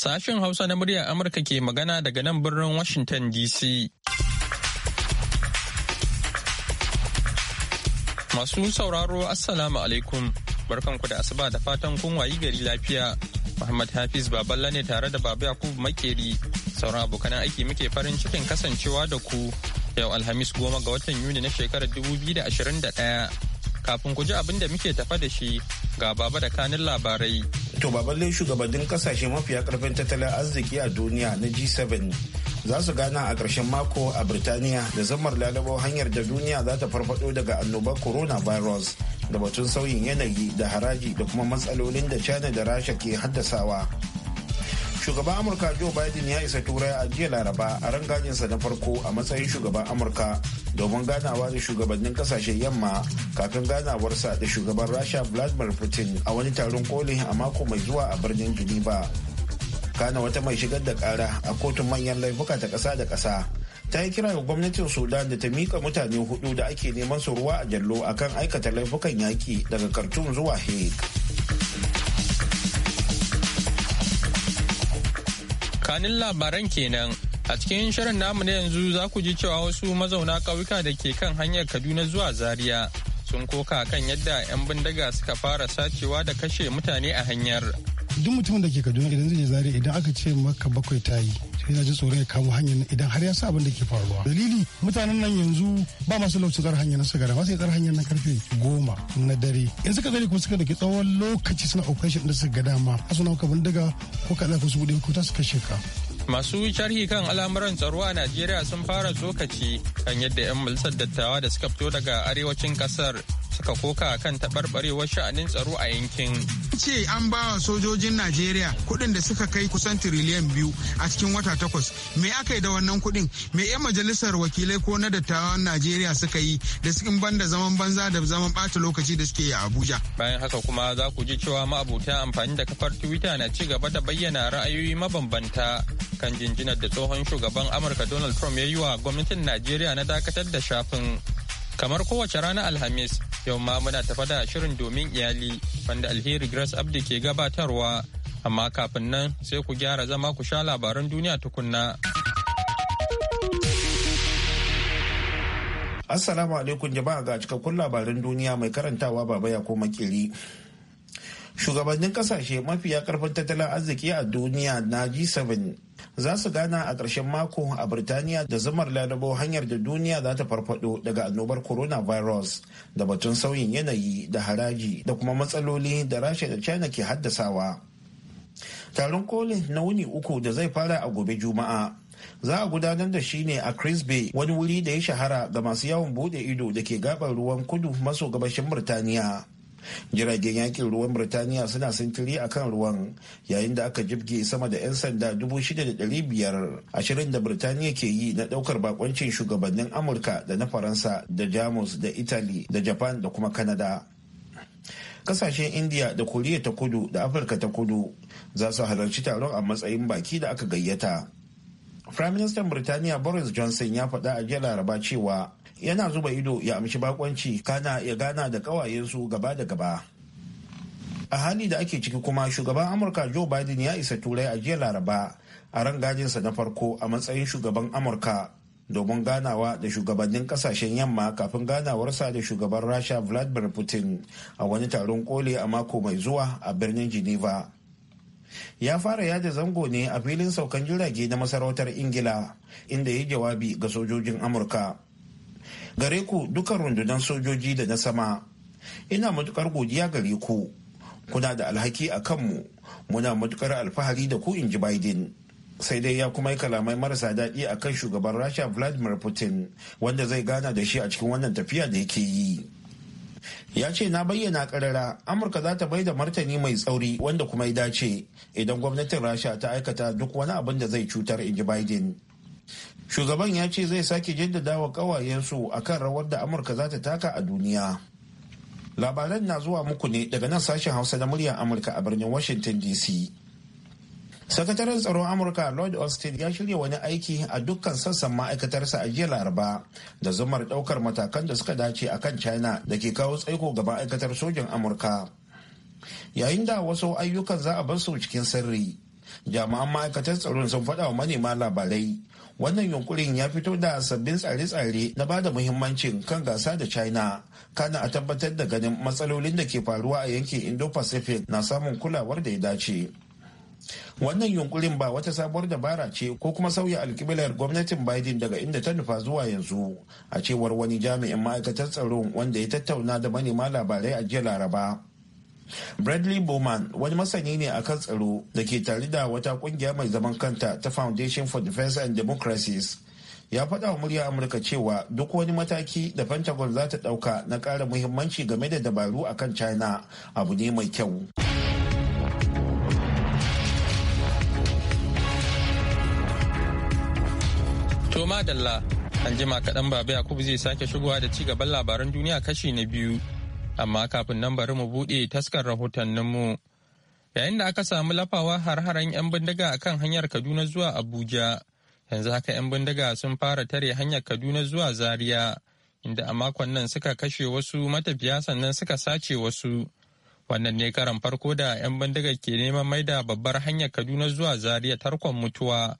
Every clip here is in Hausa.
Sashen Hausa na muryar Amurka ke magana daga nan birnin Washington DC. Masu sauraro Assalamu alaikum. Barkanku da asuba da fatan kun wayi gari lafiya. Muhammad Hafiz Baballa ne tare da Baba Yakubu Makeri. Sauran abokan aiki muke farin cikin kasancewa da ku. Yau Alhamis goma ga watan Yuni na shekarar 2021. kafin ku ji abin da muke tafa da shi ga baba da kanin labarai. To baballe shugabannin kasashe mafiya karfin tattalin arziki a duniya na G7 za su gana a ƙarshen mako a Birtaniya da zammar lalabo hanyar da duniya za ta farfado daga annobar coronavirus da batun sauyin yanayi da haraji da kuma matsalolin da China da Rasha ke haddasawa. shugaban amurka joe biden ya isa turai a jiya laraba a rangajinsa na farko a matsayin shugaban amurka domin ganawa da shugabannin kasashen yamma kafin ganawarsa da shugaban rasha vladimir putin a wani taron koli a mako mai zuwa a birnin geneva kana wata mai shigar da kara a kotun manyan laifuka ta kasa da kasa ta yi kira ga gwamnatin sudan da ta mika mutane hudu da ake neman su ruwa a jallo akan aikata laifukan yaki daga khartoum zuwa hague tsakanin labaran kenan a cikin shirin namu na yanzu za ku ji cewa wasu mazauna ƙauyuka da ke kan hanyar kaduna zuwa zaria sun koka kan yadda 'yan bindiga suka fara sacewa da kashe mutane a hanyar duk mutumin da ke kaduna idan zai zare idan aka ce maka bakwai ta yi sai na ji tsoron ya kamo hanyar idan har ya sa abin da ke faruwa dalili mutanen nan yanzu ba masu lokacin tsar hanyar na sigara ba tsar hanyar na karfe goma na dare in suka zare kuma suka daki tsawon lokaci suna operation da suka ga dama suna kuka bindiga ko ka zafi su buɗe ko ta suka sheka Masu sharhi kan al'amuran tsaro a Najeriya sun fara tsokaci kan yadda 'yan majalisar dattawa da suka fito daga arewacin kasar suka koka kan taɓarɓarewar sha'anin tsaro a yankin. ce an ba wa sojojin najeriya kuɗin da suka kai kusan tiriliyan biyu a cikin wata takwas me aka yi da wannan kuɗin me 'yan majalisar wakilai ko na dattawan najeriya suka yi da sukin banda zaman banza da zaman ɓata lokaci da suke yi a abuja. bayan haka kuma za ku ji cewa ma'abuta amfani da kafar twitter na ci gaba da bayyana ra'ayoyi mabambanta kan jinjinar da tsohon shugaban amurka donald trump ya yi wa gwamnatin najeriya na dakatar da shafin Kamar kowace rana Alhamis, yau ma muna tafa da shirin domin iyali wanda alheri Grace Abdi ke gabatarwa. Amma kafin nan sai ku gyara zama ku sha labaran duniya tukunna. Assalamu alaikum jama'a ga cikakkun labaran duniya mai karantawa baba ya ko makili. shugabannin kasashe mafiya karfin tattalin arziki a duniya na g7 za su gana a ƙarshen mako a birtaniya da zamar larabo hanyar da duniya za ta farfado daga annobar coronavirus da batun sauyin yanayi da haraji da kuma matsaloli da rasha da china ke haddasawa taron kolin na wuni uku da zai fara a gobe juma'a za a gudanar da shi ne a Chris Bay wani wuri da ya shahara ga masu yawon bude ido da ke gabar ruwan kudu maso gabashin Birtaniya. jiragen yakin ruwan birtaniya suna sintiri a kan ruwan yayin da aka jibge sama da 'yan sanda 6,500 ashirin da birtaniya ke yi na daukar bakoncin shugabannin amurka da na faransa da jamus da italy da japan da kuma Kanada. kasashen india da koriya ta kudu da afirka ta kudu za su halarci taron a matsayin baki da aka gayyata Firaministan Birtaniya Boris Johnson ya faɗa a jiya Laraba cewa yana zuba ido ya amshi bakonci kana ya gana da kawayensu gaba da gaba. A hali da ake ciki kuma shugaban Amurka Joe Biden ya isa turai a jiya Laraba a ran rangajinsa na farko a matsayin shugaban Amurka domin ganawa da shugabannin kasashen yamma kafin ganawarsa da shugaban Rasha Vladimir Putin a wani taron koli a mako mai zuwa a birnin Geneva. ya fara yada zango ne a filin saukan jirage na masarautar ingila inda ya jawabi ga sojojin amurka gare ku dukan rundunan sojoji da na sama ina matukar godiya gare ku kuna da alhaki a kanmu muna matukar alfahari da ku in ji biden sai dai ya kuma yi kalamai marasa daɗi a kan shugaban rasha vladimir putin wanda zai gana da shi a cikin wannan tafiya da yake yi ya ce na bayyana karara amurka za ta bai da martani mai tsauri wanda kuma ya dace idan gwamnatin rasha ta aikata duk wani abin da zai cutar inji biden shugaban ya ce zai sake jaddada wa kawayensu kan rawar da amurka za ta taka a duniya labaran na zuwa muku ne daga nan sashen hausa na muryar amurka a birnin washington dc sakataren tsaron amurka lord austin ya shirya wani aiki a dukkan sassan ma'aikatarsa a jiya laraba da zumar daukar matakan da suka dace a kan china da ke kawo tsaiko ga ma'aikatar sojin amurka yayin da wasu ayyukan za a bar su cikin sirri jami'an ma'aikatar tsaron sun faɗa wa manema labarai wannan yunkurin ya fito da sabbin tsare-tsare na ba da muhimmancin kan gasa da china kana a tabbatar da ganin matsalolin da ke faruwa a yankin indo-pacific na samun kulawar da ya dace wannan yunkurin ba wata sabuwar dabara ce ko kuma sauya alkiblar gwamnatin biden daga inda ta nufa zuwa yanzu a cewar wani jami'in ma'aikatar tsaro wanda ya tattauna da manema labarai a jiya laraba bradley bowman wani masani ne a kan tsaro da ke tare da wata kungiya mai zaman kanta ta foundation for defense and democracies ya faɗa wa murya amurka cewa duk wani mataki da pentagon za ta ɗauka na ƙara muhimmanci game da dabaru a kan china abu ne mai kyau To madalla, an jima kaɗan baba Yakubu zai sake shigowa da ci gaban labaran duniya kashi na biyu. Amma kafin nan bari mu buɗe taskar rahotanninmu. Yayin da aka samu lafawa har-haren 'yan bindiga a kan hanyar Kaduna zuwa Abuja, yanzu haka 'yan bindiga sun fara tare hanyar Kaduna zuwa Zaria, inda a makon nan suka kashe wasu matafiya sannan suka sace wasu. Wannan ne karan farko da 'yan bindiga ke neman maida babbar hanyar Kaduna zuwa Zaria tarkon mutuwa.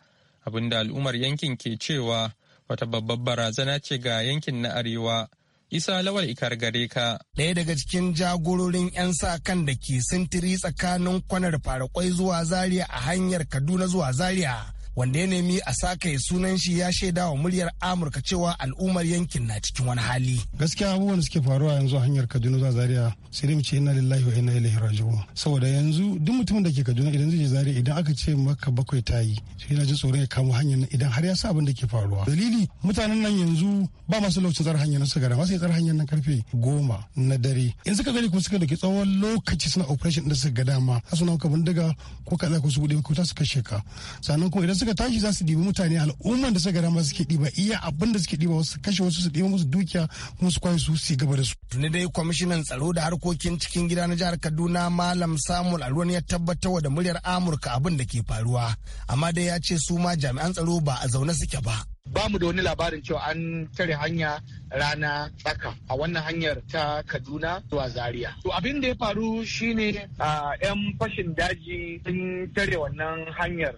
abinda al'ummar yankin ke cewa wata babbar barazana ce ga yankin na arewa isa lawal ikar gare ka ɗaya daga cikin jagororin 'yan sa kan da ke sintiri tsakanin kwanar farakwai zuwa zaria a hanyar kaduna zuwa zaria wanda ya nemi a sake sunan shi ya shaida wa muryar amurka cewa al'ummar yankin na cikin wani hali gaskiya abubuwan da suke faruwa yanzu a hanyar kaduna zuwa zaria sai dai mu ce inna lillahi wa inna ilaihi raji'un saboda yanzu duk mutumin da ke kaduna idan zai je zaria idan aka ce maka bakwai tayi yi yana jin tsoron ya kamo hanyar idan har ya sa abin da ke faruwa dalili mutanen nan yanzu ba masu lokacin tsara hanyar su gara masu tsara hanyar nan karfe goma na dare in suka gani kuma suka dauki tsawon lokaci suna operation da suka ga dama suna ka bindiga ko kaza ko su bude ko ta suka sheka sannan kuma idan suka suka tashi za su ɗibi mutane al'umman da suka dama suke ɗiba iya abinda da suke ɗiba wasu kashe wasu su ɗiba musu dukiya kuma su kwaye su su gaba da su. tuni dai kwamishinan tsaro da harkokin cikin gida na jihar kaduna malam samuel alwan ya tabbatar da muryar amurka abin da ke faruwa amma dai ya ce su ma jami'an tsaro ba a zaune suke ba. ba mu da wani labarin cewa an tare hanya rana tsaka a wannan hanyar ta kaduna zuwa zaria to abin da ya faru shine a yan fashin daji sun tare wannan hanyar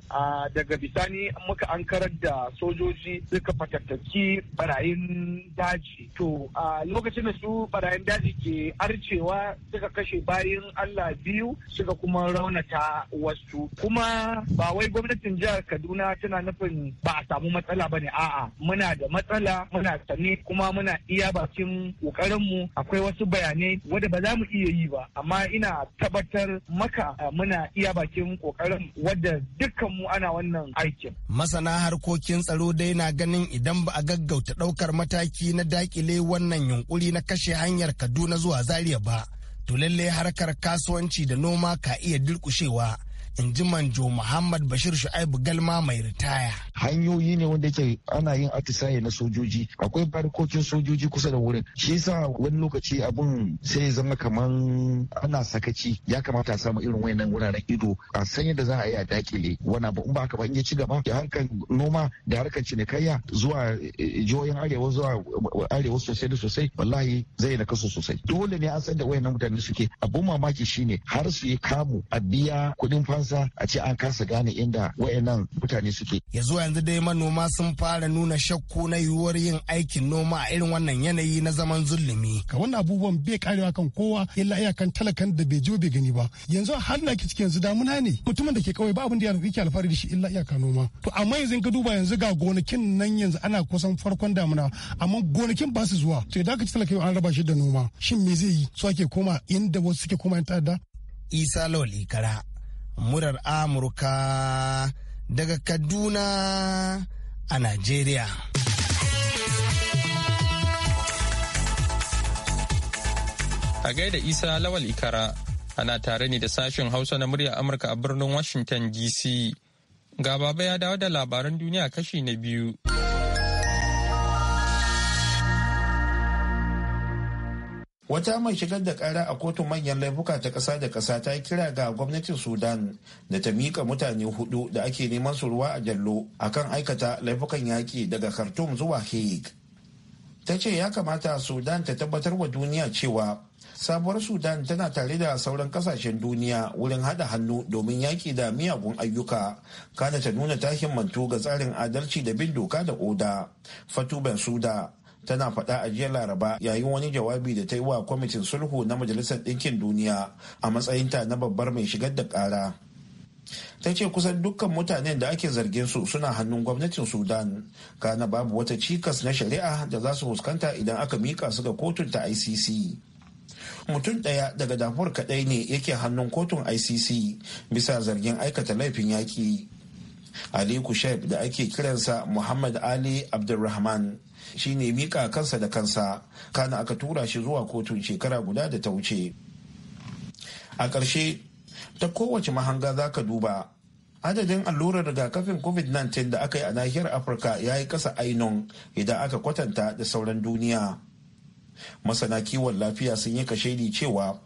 daga bisani muka ankarar da sojoji suka fatattaki barayin daji to a lokacin da su barayin daji ke arcewa suka kashe bayan allah biyu suka kuma raunata wasu kuma ba wai gwamnatin jihar kaduna tana nufin ba a samu matsala ba ne a a'a muna da matsala muna sane kuma muna iya bakin mu akwai wasu bayanai wanda ba za mu iya yi ba amma ina tabbatar maka eh, muna iya bakin kokarin wadda dukkan mu ana wannan aikin masana harkokin tsaro dai na ganin idan ba a gaggauta ɗaukar mataki na dakile wannan yunkuri na kashe hanyar Kaduna zuwa Zaria ba to lallai harkar kasuwanci da noma ka iya durƙushewa. in ji manjo muhammad bashir shu'aibu galma mai ritaya hanyoyi ne wanda yake ana yin atisaye na sojoji akwai barkokin sojoji kusa da wurin shi yasa wani lokaci abun sai zama kaman ana sakaci ya kamata a samu irin wayannan wuraren ido a san da za a yi a dakile wani abu ba haka ba in ya ci gaba da harkan noma da harkar cinikayya zuwa eh, eh, jihohin arewa zuwa eh, arewa sosai da sosai wallahi zai na kaso sosai dole ne an san da wayannan mutane suke abun mamaki shine har su yi kamu a biya kuɗin fansa kansa a ce an kasa gane inda wayannan mutane suke ya yanzu dai manoma sun fara nuna shakku na yiwuwar yin aikin noma a irin wannan yanayi na zaman zulumi ka wannan abubuwan bai karewa kan kowa illa iyakan talakan da bai jo bai gani ba yanzu har na ciki yanzu damuna ne mutumin da ke kawai ba abin da ya yake alfahari da shi illa iyaka noma to amma yanzu ka duba yanzu ga gonakin nan yanzu ana kusan farkon damuna amma gonakin ba su zuwa to idan ka ci talaka an raba shi da noma shin me zai yi su ake koma inda wasu suke koma yan ta'adda isa lawal ikara murar Amurka daga Kaduna a Najeriya. A gaida Isa Lawal Ikara ana tare ne da sashen Hausa na murya Amurka a birnin Washington DC. Ga baba ya dawo da labaran duniya kashi na biyu. wata mai shigar da kara a kotun manyan laifuka ta kasa da kasa ta kira ga gwamnatin sudan da ta mika mutane hudu da ake neman su ruwa a jallo akan aikata laifukan yaƙi daga khartoum zuwa hague ta ce ya kamata sudan ta tabbatar wa duniya cewa sabuwar sudan tana tare da sauran kasashen duniya wurin hada hannu domin yaƙi da miyagun ayyuka kana ta nuna ta himmantu ga tsarin adalci da bin doka da oda fatu ben suda tana faɗa a jiya laraba yayin wani jawabi da ta yi wa kwamitin sulhu na majalisar ɗinkin duniya a matsayinta na babbar mai shigar da ƙara ta ce kusan dukkan mutanen da ake zargin su suna hannun gwamnatin sudan kana babu wata cikas na shari'a da za su fuskanta idan aka mika su ga kotun ta icc mutum ɗaya daga damuwar kaɗai ne yake hannun kotun icc bisa zargin aikata laifin yaƙi aliku shaib da ake kiransa muhammad ali abdulrahman shine mika kansa da kansa kana aka tura shi zuwa kotun shekara guda da ta wuce a ƙarshe ta kowace mahanga za ka duba adadin allurar rigakafin covid-19 da aka yi a nahiyar afirka ya yi ƙasa ainun idan aka kwatanta da sauran duniya masana kiwon lafiya sun yi kashedi cewa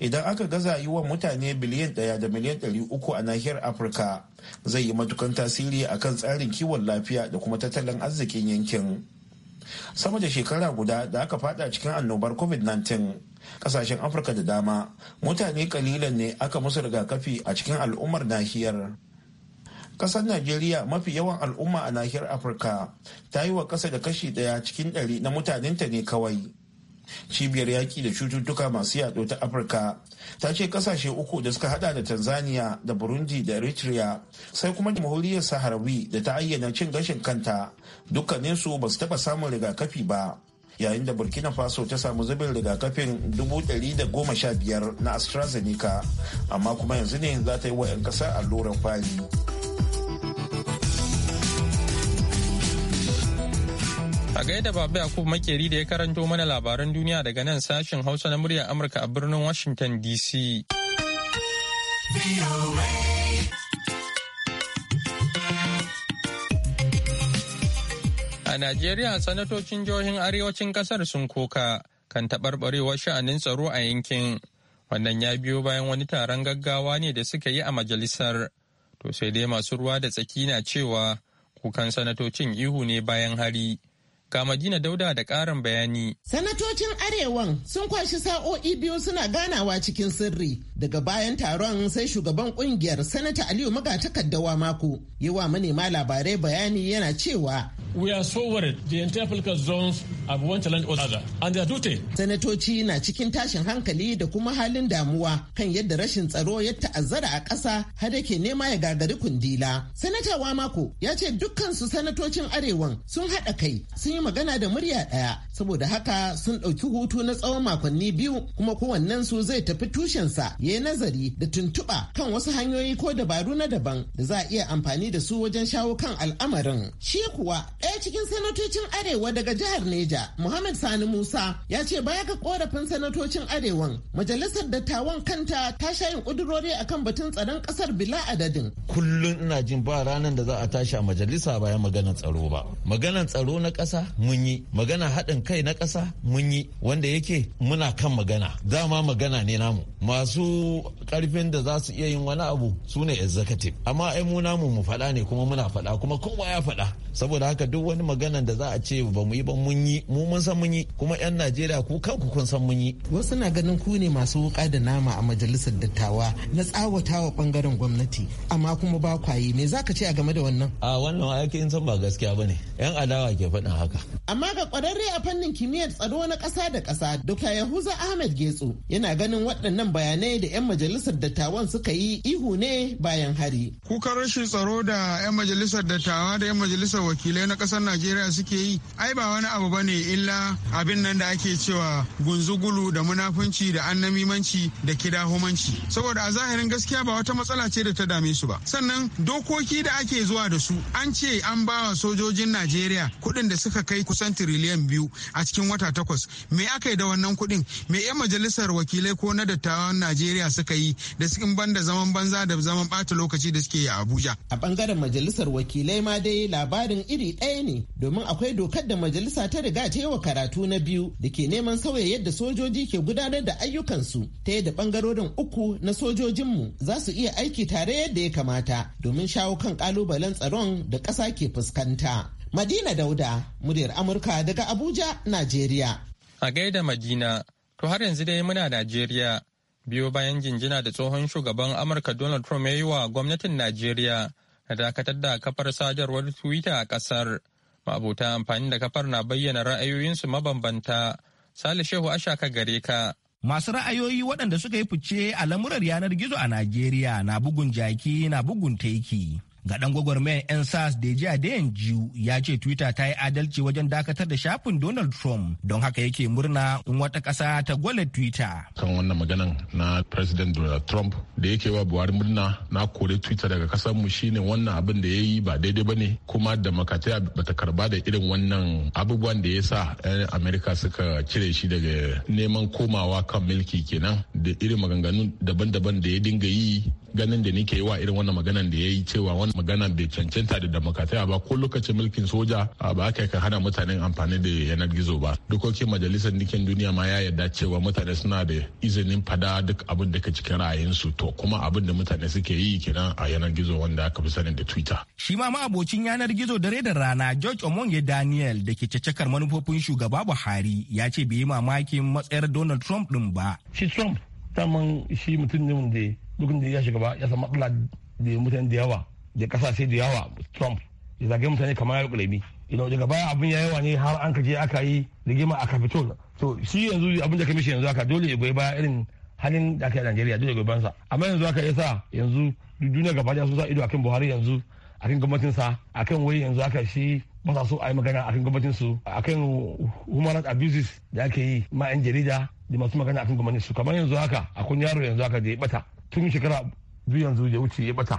idan aka gaza yi wa mutane biliyan ɗaya da miliyan ɗari uku a nahiyar afirka zai yi matukan tasiri akan tsarin kiwon lafiya da kuma tattalin arzikin yankin sama da shekara guda da aka fada cikin annobar covid-19 kasashen afirka da dama mutane kalilan ne aka musu rigakafi a cikin al'ummar nahiyar kasar najeriya mafi yawan al'umma a nahiyar afirka ta yi wa kasa da kashi daya cikin ɗari na mutanenta ne kawai cibiyar yaƙi da cututtuka masu yaɗo ta afirka ta ce kasashe uku da suka hada da tanzania da burundi da eritrea sai kuma jamhuriyar saharawi da ta ayyana cin gashin kanta su ba su taɓa samun rigakafi ba yayin da burkina faso ta samu zubin rigakafin biyar na astrazeneca amma kuma yanzu ne za ta yi wa 'yan ƙasa alluran fali. gaida babu yakub makeri da ya karanto mana labaran duniya daga nan sashen hausa na muryar amurka a birnin washington dc a najeriya sanatocin jihohin arewacin kasar sun koka kan taɓarɓarewar sha'anin tsaro a yankin wannan ya biyo bayan wani taron gaggawa ne da suka yi a majalisar to sai dai masu ruwa da tsaki na cewa kukan sanatocin ihu ne bayan hari Ga Madina Dauda da ƙarin bayani. Sanatocin Arewan sun kwashi sa'o'i biyu suna ganawa cikin sirri. Daga bayan taron sai shugaban kungiyar Sanata Aliyu Maga takaddawa mako. yawa manema labarai bayani yana cewa. We are so worried the entire political zones have one challenge or other and are duty. Sanatoci na cikin tashin hankali da kuma halin damuwa kan yadda rashin tsaro ya ta'azzara a ƙasa har yake nema ya gagari kundila. Sanata mako ya ce dukkansu sanatocin Arewan sun haɗa kai sun yi magana da murya ɗaya saboda haka sun ɗauki hutu na tsawon makonni biyu kuma kowannen su zai tafi tushensa ya yi nazari da tuntuɓa kan wasu hanyoyi ko dabaru na daban da za a iya amfani da su wajen shawo kan al'amarin. Shi kuwa ɗaya cikin sanatocin Arewa daga jihar Neja, Muhammad Sani Musa ya ce baya ga korafin sanatocin Arewan, majalisar dattawan kanta ta sha yin ƙudurori akan batun tsaron ƙasar bila adadin. Kullum ina jin ba ranar da za a tashi a majalisa bayan maganar tsaro ba. Maganar tsaro na ƙasa mun yi magana haɗin kai na ƙasa mun yi wanda yake muna kan magana dama magana ne namu masu ƙarfin da za su iya yin wani abu su ne executive amma ai mu namu mu faɗa ne kuma muna faɗa kuma kowa ya faɗa saboda haka duk wani magana da za a ce ba mu yi ba mun yi mu mun san mun yi kuma 'yan najeriya ku kanku kun san mun yi wasu na ganin ku ne masu wuka da nama a majalisar dattawa na tsawatawa bangaren gwamnati amma kuma ba kwaye me zaka ce a game da wannan a wannan in san ba gaskiya bane yan adawa ke faɗin haka Amma ga kwararre a fannin kimiyyar tsaro na ƙasa da ƙasa, Dr. Yahuza Ahmed Getsu yana ganin waɗannan bayanai da 'yan majalisar dattawan suka yi ihu ne bayan hari. Kukan rashin tsaro da 'yan majalisar dattawa da 'yan majalisar wakilai na ƙasar Najeriya suke yi, ai ba wani abu bane illa abin nan da ake cewa gunzugulu da munafunci da annamimanci da kidahumanci. Saboda a zahirin gaskiya ba wata matsala ce da ta dame su ba. Sannan dokoki da ake zuwa da su an ce an bawa sojojin Najeriya kuɗin da suka kai kusan tiriliyan biyu a cikin wata takwas me aka yi da wannan kuɗin me 'yan majalisar wakilai ko na dattawan najeriya suka yi da sukin banda zaman banza da zaman bata lokaci da suke yi a abuja a bangaren majalisar wakilai ma dai labarin iri ɗaya ne domin akwai dokar da majalisa ta riga ta yi wa karatu na biyu da ke neman sauya yadda sojoji ke gudanar da ayyukansu ta yadda bangarorin uku na sojojinmu za su iya aiki tare yadda ya kamata domin shawo kan kalubalen tsaron da ƙasa ke fuskanta. Madina Dauda, muryar Amurka daga Abuja, Najeriya. A gaida Madina, to har yanzu dai muna Najeriya. Biyo bayan jinjina da tsohon shugaban Amurka Donald Trump ya yi wa gwamnatin Najeriya da dakatar da kafar sadarwar Twitter a ƙasar. Ma'abota amfani da kafar na bayyana ra'ayoyinsu mabambanta. Sale Shehu Ashaka gare ka. Masu ra'ayoyi waɗanda suka yi fice a lamurar yanar gizo a Najeriya na bugun jaki na bugun teki. ga dan gwagwarmayar 'yan sas da yan jiyu ya ce twitter ta yi adalci wajen dakatar da shafin donald trump don haka yake murna in wata kasa ta gwale twitter kan wannan maganan na president donald trump da yake wa buhari murna na kore twitter daga kasar mu shine wannan abin da ya yi ba daidai ba ne kuma da makatai bata karba da irin wannan abubuwan da ya sa 'yan america suka cire shi daga neman komawa kan milki kenan da irin maganganu daban-daban da ya dinga yi ganin da nike yi wa irin wannan maganan da ya yi cewa wani magana bai cancanta da demokratiya ba ko lokacin mulkin soja ba aka ka hana mutanen amfani da yanar gizo ba dokokin majalisar nikin duniya ma ya yarda cewa mutane suna da izinin fada duk abin da ka cikin ra'ayinsu to kuma abin da mutane suke yi kenan a yanar gizo wanda aka fi sanin da twitter shi ma abocin yanar gizo dare da rana george omonge daniel da ke cacakar manufofin shugaba buhari ya ce bai yi mamakin matsayar donald trump din ba shi trump daman shi mutum ne wanda duk da ya shiga ba ya san matsala da mutane da yawa da kasashe da yawa trump ya zage mutane kamar ya rukulabi idan daga baya abin ya yawa ne har an kaje aka yi rigima a capitol to shi yanzu abin da kamishin yanzu aka dole ya goyi baya irin halin da aka yi a najeriya dole ya goyi bayansa amma yanzu aka yasa yanzu duniya gaba daya sun sa ido akan buhari yanzu akan gwamnatinsa akan wai yanzu aka shi ba sa so a yi magana akan gwamnatinsu akan human rights abuses da ake yi ma 'yan jarida da masu magana akan su kamar yanzu haka akwai yaro yanzu haka da ya bata tun shekara biyu yanzu ya wuce ya bata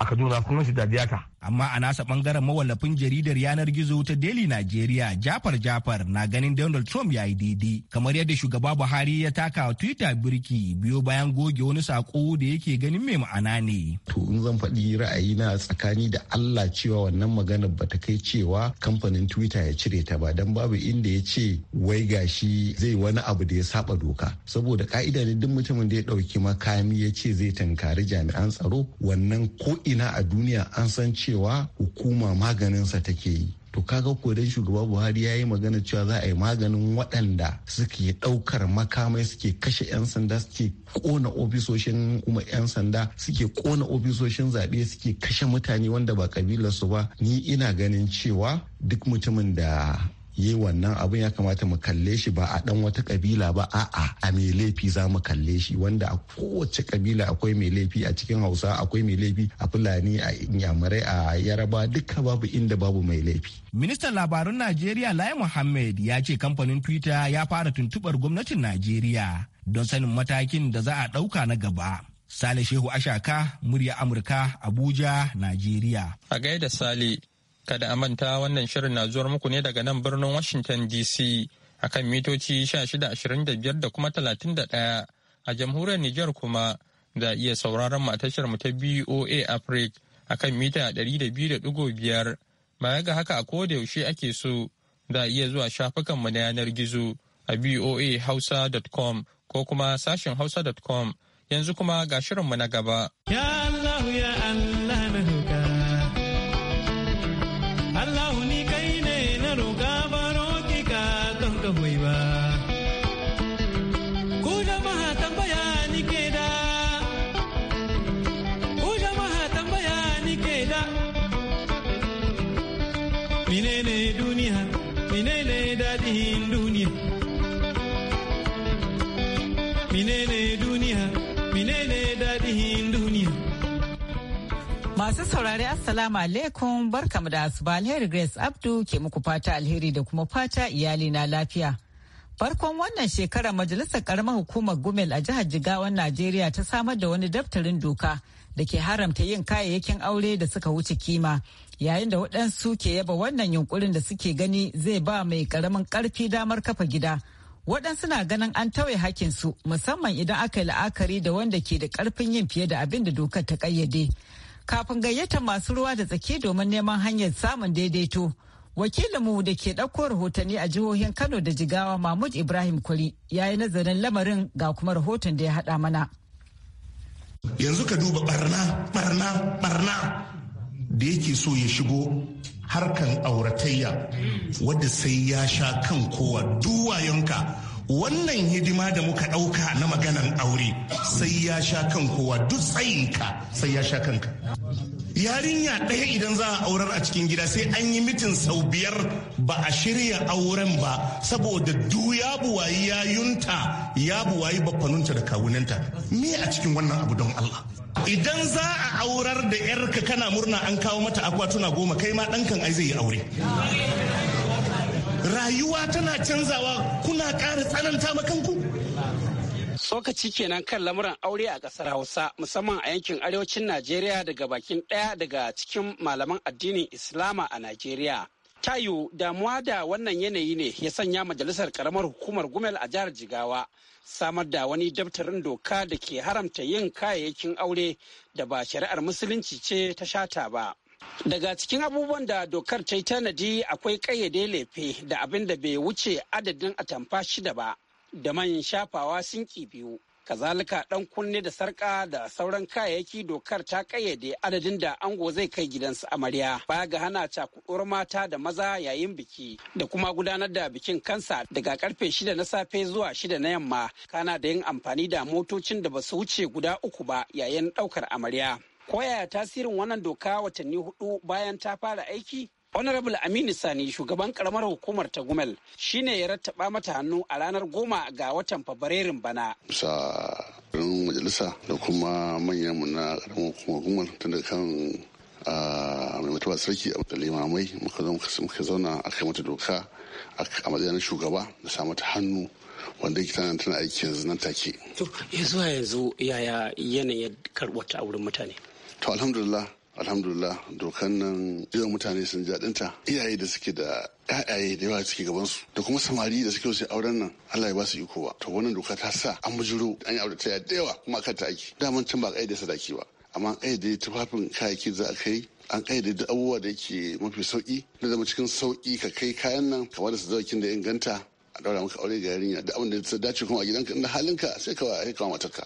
a kaduna kuma shi dadiyaka amma a nasa bangaren mawallafin jaridar yanar gizo ta daily nigeria jafar jafar na ganin donald trump ya yi daidai kamar yadda shugaba buhari ya taka wa twitter birki biyo bayan goge wani sako da yake ganin mai ma'ana ne to in zan faɗi ra'ayi na tsakani da allah cewa wannan magana ba ta kai cewa kamfanin twitter ya cire ta ba dan babu inda ya ce wai gashi zai wani abu da ya saba doka saboda ka'ida ne duk mutumin da ya ɗauki makami ya ce zai tankari jami'an tsaro wannan ko ina a duniya an san cewa cewa hukuma maganinsa take yi to kaga ko shugaba buhari ya yi magana cewa za a yi maganin waɗanda suke ɗaukar makamai suke kashe 'yan sanda suke kona ofisoshin kuma 'yan sanda suke kona ofisoshin zaɓe suke kashe mutane wanda ba kabilarsu ba ni ina ganin cewa duk mutumin da yi wannan abin ya kamata mu kalle shi ba a dan wata kabila ba a'a a mai laifi za mu kalle shi wanda a kowace kabila akwai mai laifi a cikin hausa akwai mai laifi a fulani a inyamurai a yaraba duka babu inda babu mai laifi ministan labarun najeriya lai muhammed ya ce kamfanin twitter ya fara tuntubar gwamnatin najeriya don sanin matakin da za a ɗauka na gaba sale shehu ashaka murya amurka abuja najeriya a gaida sale Kada a manta wannan shirin na zuwar muku ne daga nan birnin Washington DC a kan mitoci 1625 da kuma 31 a jamhuriyar Nijar kuma za a iya sauraron mu a tashar mu ta BOA Africa a kan mita 200.5 baya ga haka a koda yaushe ake so za a iya zuwa shafukan mu na yanar gizo a boahausa.com ko kuma sashen hausa.com yanzu kuma ga shirinmu na gaba. duniya Masu saurari Assalamu alaikum barkamu da asuba alheri Grace Abdu ke muku fata alheri da kuma fata iyali na lafiya. Farkon wannan shekara Majalisar Karamar Hukumar Gumel a jihar Jigawan Najeriya ta samar da wani daftarin doka da ke haramta yin kayayyakin aure da suka wuce kima yayin da waɗansu ke yaba wannan yunkurin da suke gani zai ba mai karamin ƙarfi damar kafa gida. Waɗansu na ganin an tauye hakinsu musamman idan aka yi la'akari da wanda ke da ƙarfin yin fiye da abin da dokar ta ƙayyade. Kafin gayyatar masu ruwa da tsaki domin neman hanyar samun daidaito. wakilinmu da ke ɗauko rahotanni a jihohin kano da jigawa mahmud ibrahim kwari ya yi nazarin lamarin ga kuma rahoton da ya haɗa mana yanzu ka duba barna barna barna da yake so ya shigo harkan auratayya wadda sai ya sha kan kowa duwayenka wannan hidima da muka ɗauka na maganan aure sai ya sha kan kowa duk tsayinka sai ya sha kanka yarinya ɗaya idan za a aurar a cikin gida sai an yi mitin sau biyar ba a shirya auren ba saboda du ya buwayi ya yunta ya buwayi bafanunta da kawunanta me a cikin wannan abu don Allah idan za a aurar da yarka kana murna an kawo mata akwatuna goma kai ma ɗankan ai zai yi aure rayuwa tana canzawa kuna ƙara tsananta kanku. sokaci kenan kan lamuran aure a ƙasar Hausa musamman a yankin arewacin Najeriya daga bakin ɗaya daga cikin malaman addinin Islama a Najeriya. Tayu damuwa da wannan yanayi ne ya sanya majalisar karamar hukumar Gumel a jihar Jigawa samar da wani daftarin doka da ke haramta yin kayayyakin aure da ba shari'ar musulunci ce ta shata ba. Daga cikin abubuwan da dokar ta yi tanadi akwai kayyade lefe da abin da bai wuce adadin atamfa shida ba da man shafawa sun biyu. Kazalika ɗan kunne da sarƙa da sauran kayayyaki dokar ta ƙayyade adadin da ango zai kai gidansu amarya baya ga hana cakuɗuwar mata da maza yayin biki da kuma gudanar da bikin kansa daga karfe shida na safe zuwa shida na yamma kana da yin amfani da motocin da ba su wuce guda uku ba yayin ɗaukar amarya. Koyaya tasirin wannan doka watanni hudu bayan ta fara aiki? honorable aminu sani shugaban karamar hukumar ta gumel shine ya rattaba mata hannu a ranar goma ga watan fabrairun bana bisa ran majalisa da kuma manyan mu na karamar hukumar gumel tun da kan mai mutuwa sarki a da limamai muka zauna a kai mata doka a matsayin shugaba da sa mata hannu wanda yake tana tana aiki yanzu nan take to Yanzu yanzu yaya yanayin karɓar ta a wurin mutane to alhamdulillah alhamdulillah dokan nan yawan mutane sun jadinta dinta iyaye da suke da ƴaƴaye da yawa suke gaban su da kuma samari da suke wasu auren nan Allah ya ba su iko ba to wannan doka ta sa an bujiro an yi aure ta da yawa kuma akan ta ake daman can ba da sadaki ba amma da tufafin kayayyaki za a kai an kayyade duk abubuwa da yake mafi sauki na zama cikin sauki ka kai kayan nan kamar da su zaukin da inganta a daura maka aure ga yarinya da abin da ya dace kuma a gidanka inda halinka sai ka wa matarka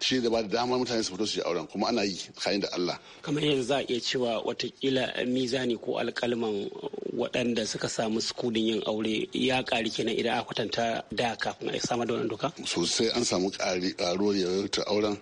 shi da ba da damar mutane su fito su yi auren kuma ana yi kayan da Allah kamar yanzu za a iya cewa watakila mizani ko alkalman waɗanda suka samu sukudin yin aure ya ƙari kenan idan a kwatanta da kafin a samar da wannan doka sosai an samu ƙaruwar yawaitar auren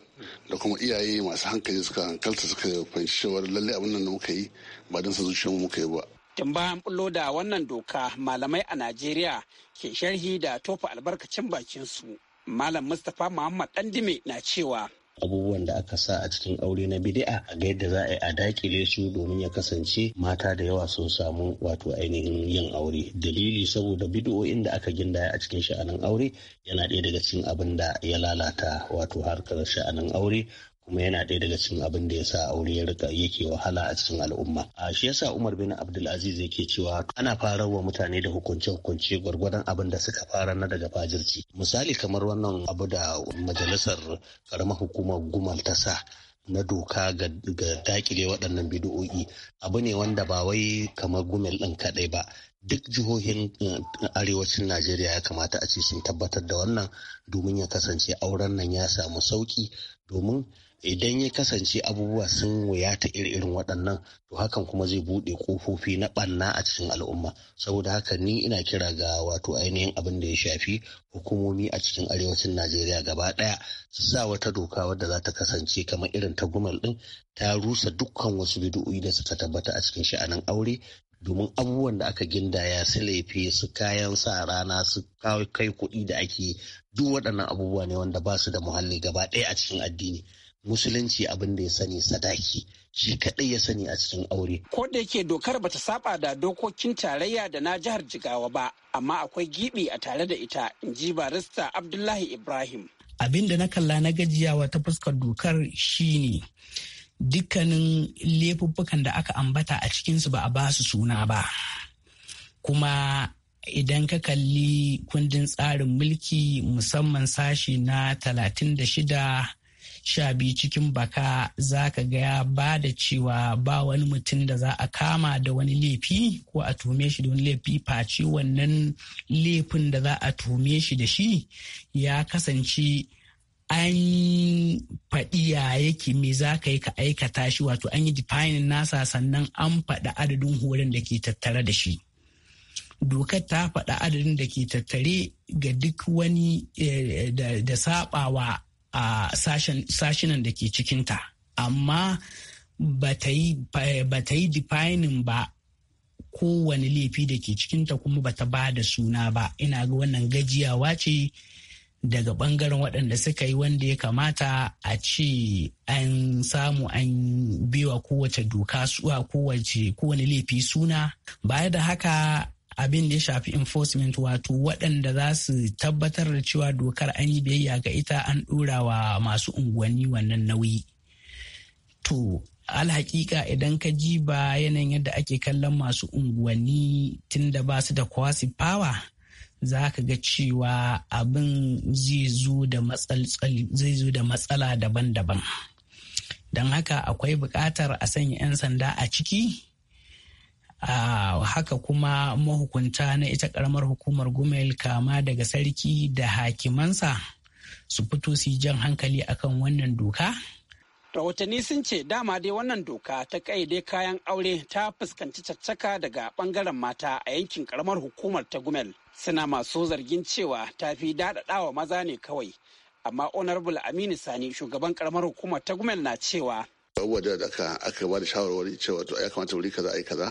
da kuma iyaye masu hankali suka hankalta suka fahimci cewar lalle abin nan da muka yi ba don sa mu muka yi ba tun bayan bullo da wannan doka malamai a najeriya ke sharhi da tofa albarkacin bakin su Malam Mustapha Muhammad Dandime na cewa abubuwan da aka sa a cikin aure na bidi'a a ga yadda za a yi a dakile su domin ya kasance mata da yawa sun samu wato ainihin yin aure dalili saboda bidi'o'in da aka gindaya a cikin sha'anin aure yana ɗaya daga cikin abin da ya lalata wato harkar sha'anin aure kuma yana ɗaya daga cikin abin da yasa aure ya rika yake wahala a cikin al'umma a shi yasa Umar bin Abdulaziz yake cewa ana farar wa mutane da hukunce hukunce gwargwadon abin da suka fara na daga fajirci misali kamar wannan abu da majalisar karamar hukumar Gumal ta sa na doka ga dakile waɗannan bidiyo'i abu ne wanda ba wai kamar gumel ɗin kaɗai ba duk jihohin eh, arewacin najeriya ya kamata a ce sun tabbatar da wannan domin ya kasance auren nan ya samu sauƙi domin idan ya kasance abubuwa sun wuyata irin waɗannan to hakan kuma zai buɗe ƙofofi na ɓanna a cikin al'umma saboda haka ni ina kira ga wato ainihin abin da ya shafi hukumomi a cikin arewacin najeriya gaba ɗaya su sa wata doka wadda za ta kasance kamar irin ta gumal ɗin ta rusa dukkan wasu bidu'o'i da suka tabbata a cikin sha'anin aure domin abubuwan da aka gindaya su laifi su kayan sa rana su kai kuɗi da ake duk waɗannan abubuwa ne wanda ba su da muhalli gaba ɗaya a cikin addini musulunci abin da ya sani sadaki shi kaɗai ya sani a cikin aure. Ko da yake dokar bata saba da dokokin tarayya da na jihar Jigawa ba, amma akwai gibi a tare da ita, in ji barista Abdullahi Ibrahim. Abin da na kalla na gajiyawa ta fuskar dokar shine dukkanin laifuffukan da aka ambata a cikinsu ba a ba su suna ba. Kuma idan ka kalli kundin tsarin mulki musamman sashi na talatin da shida sha biyu cikin baka za ka ga ba da cewa ba wani mutum da za a kama da wani laifi ko a tume shi da wani laifi face wannan laifin da za a tume shi da shi ya kasance an faɗi ya yake me za ka yi ka aikata shi wato an yi defining nasa sannan an faɗi adadin horon da ke tattare da shi dokar ta faɗa adadin da ke tattare ga duk wani eh, da saɓawa a sashinan da ke cikinta amma ba ta yi defining ba kowane laifi da ke cikinta kuma ba ta ba da suna ba ina ga wannan gajiyawa ce daga bangaren waɗanda suka yi wanda ya kamata a ce an samu an biwa kowace doka suwa kowace kowane laifi suna baya da haka abin da ya shafi enforcement wato waɗanda za su tabbatar da cewa dokar an yi biyayya ga ita an ɗora wa masu unguwanni wannan nauyi. To, alhaƙiƙa idan ka ji ba yanayin yadda ake kallon masu unguwanni tun da ba su da kwasi power za ka ga cewa abin zai zo da matsala daban-daban. Don haka akwai buƙatar a sanya 'yan sanda a ciki haka kuma mahukunta na ita karamar hukumar gumel kama daga sarki da hakimansa su fito su jan hankali akan wannan doka rahotanni sun ce dama dai wannan doka ta kaide kayan aure ta fuskanci caccaka daga ɓangaren mata a yankin karamar hukumar ta gumel suna masu zargin cewa ta fi daɗaɗawa maza ne kawai amma honorable aminu sani shugaban karamar hukumar ta gumel na cewa abubuwa da aka ba da shawarwari cewa ya kamata wuri kaza a yi kaza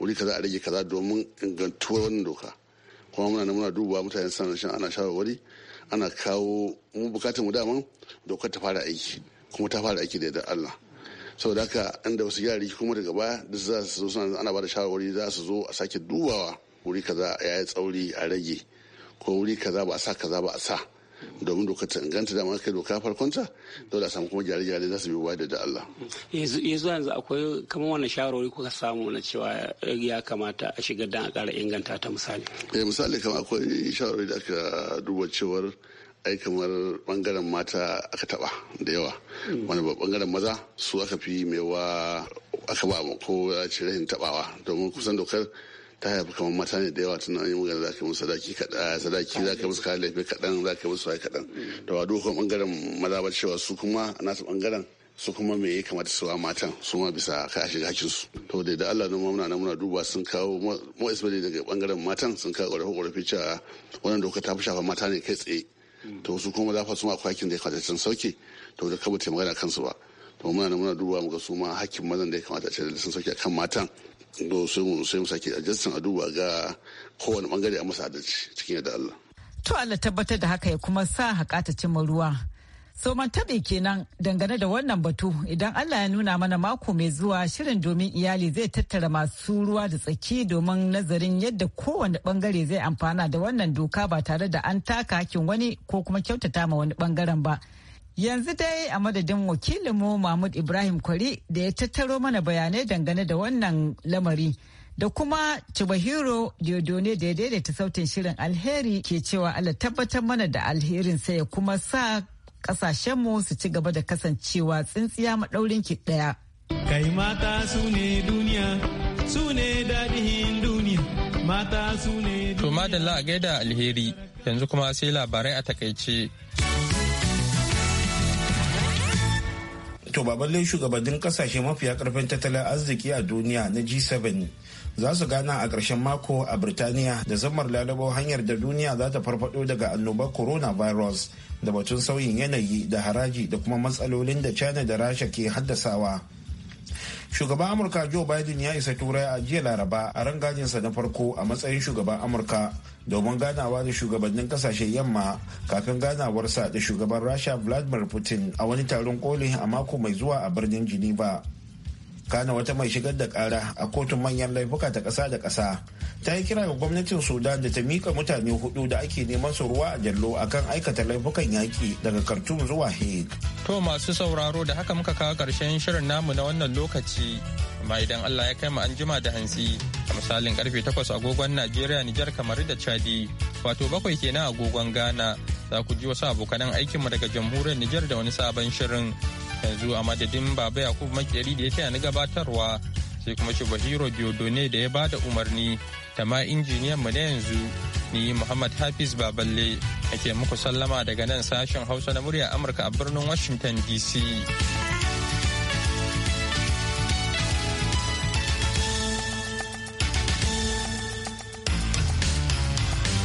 wuri kaza a rage kaza domin ingantuwar wannan doka kuma muna nan muna duba mutane sana shan ana shawarwari ana kawo mu bukatar mu daman dokar ta fara aiki kuma ta fara aiki da yadda Allah saboda haka inda wasu yari kuma daga baya duk za su zo suna ana bada shawarwari za su zo a sake dubawa wuri kaza ya yi tsauri a rage ko wuri kaza ba a sa kaza ba a sa domin doka ta inganta da kai doka farkonta dole a samu kuma gyare-gyare za su bi wa da Allah. zuwa yanzu akwai kamar wani shawarwari kuka samu na cewa ya kamata a shiga dan a ƙara inganta ta misali. Eh, misali kamar akwai shawarwari da aka duba cewar ai kamar bangaren mata aka taba da yawa hmm. wani ba bangaren maza su aka fi mewa aka ba ko ya ce rahin tabawa domin kusan dokar ta haifi kamar mata ne da yawa tana yin magana za ka musu sadaki kaɗan sadaki za ka musu kayan laifi kaɗan za ka musu waye kaɗan da ba dukkan ɓangaren maza ba cewa su kuma a nasu ɓangaren su kuma me ya kamata su matan su ma bisa ka shiga hakinsu to da da Allah nan muna na muna duba sun kawo mu isbali daga ɓangaren matan sun kawo ƙorafi ƙorafi cewa wannan doka ta fi shafa mata ne kai tsaye to su kuma za fa su ma kwakin da ya kamata sun sauke to da kaba ta magana kansu ba to muna na muna duba muka su ma hakkin mazan da ya kamata a ce sun sauke a kan matan sai mu sake adjustin a ga kowane bangare a masa adalci cikin yadda Allah. To Allah tabbatar da haka ya kuma sa haƙa ta cimma ruwa. Soman tabe kenan dangane da wannan batu idan Allah ya nuna mana mako mai zuwa shirin domin iyali zai tattara masu ruwa da tsaki domin nazarin yadda kowane bangare zai amfana da wannan doka ba tare da an taka hakin wani ko kuma kyautata ma wani bangaren ba. Yanzu dai a madadin wakilinmu Mahmud Ibrahim Kwari da ya tattaro mana bayanai dangane da wannan lamari. Da kuma Chubahiro Diodone da ya daidaita sautin shirin alheri ke cewa Allah tabbatar mana da sai ya kuma sa kasashenmu su ci gaba da kasancewa tsintsiya maɗaurin ki ɗaya. Kai mata su ne duniya, su ne daɗin duniya, mata su ne duniya. To da a gaida alheri, yanzu kuma sai labarai a takaice. To ba balle shugabannin kasashe mafiya karfin tattalin arziki a duniya na G7 za su gana a ƙarshen mako a Birtaniya da zammar lalabo hanyar da duniya za ta farfado daga annobar coronavirus da batun sauyin yanayi da haraji da kuma matsalolin da China da Rasha ke haddasawa. shugaban amurka joe biden ya isa turai a jiya laraba a rangajinsa na farko a matsayin shugaban amurka domin ganawa da shugabannin kasashen yamma kafin ganawarsa da shugaban rasha vladimir putin a wani taron koli a mako mai zuwa a birnin geneva kana wata mai shigar da kara a kotun manyan laifuka ta ƙasa da ƙasa ta yi kira ga gwamnatin sudan da ta mika mutane hudu da ake neman su ruwa a jallo akan aikata laifukan yaƙi daga khartoum zuwa hague to masu sauraro da haka muka kawo ƙarshen shirin namu na wannan lokaci amma idan allah ya kai mu an jima da hansi a misalin karfe 8 agogon najeriya nijar kamar da chadi wato bakwai kenan agogon ghana za ku ji wasu abokanan aikinmu daga jamhuriyar nijar da wani sabon shirin yanzu a madadin baba yakubu makeri da ya taya ni gabatarwa sai kuma shi bahiro diodone da ya ba da umarni da ma injiniyan mu na yanzu ni muhammad hafiz baballe ake muku sallama daga nan sashen hausa na murya amurka a birnin washington dc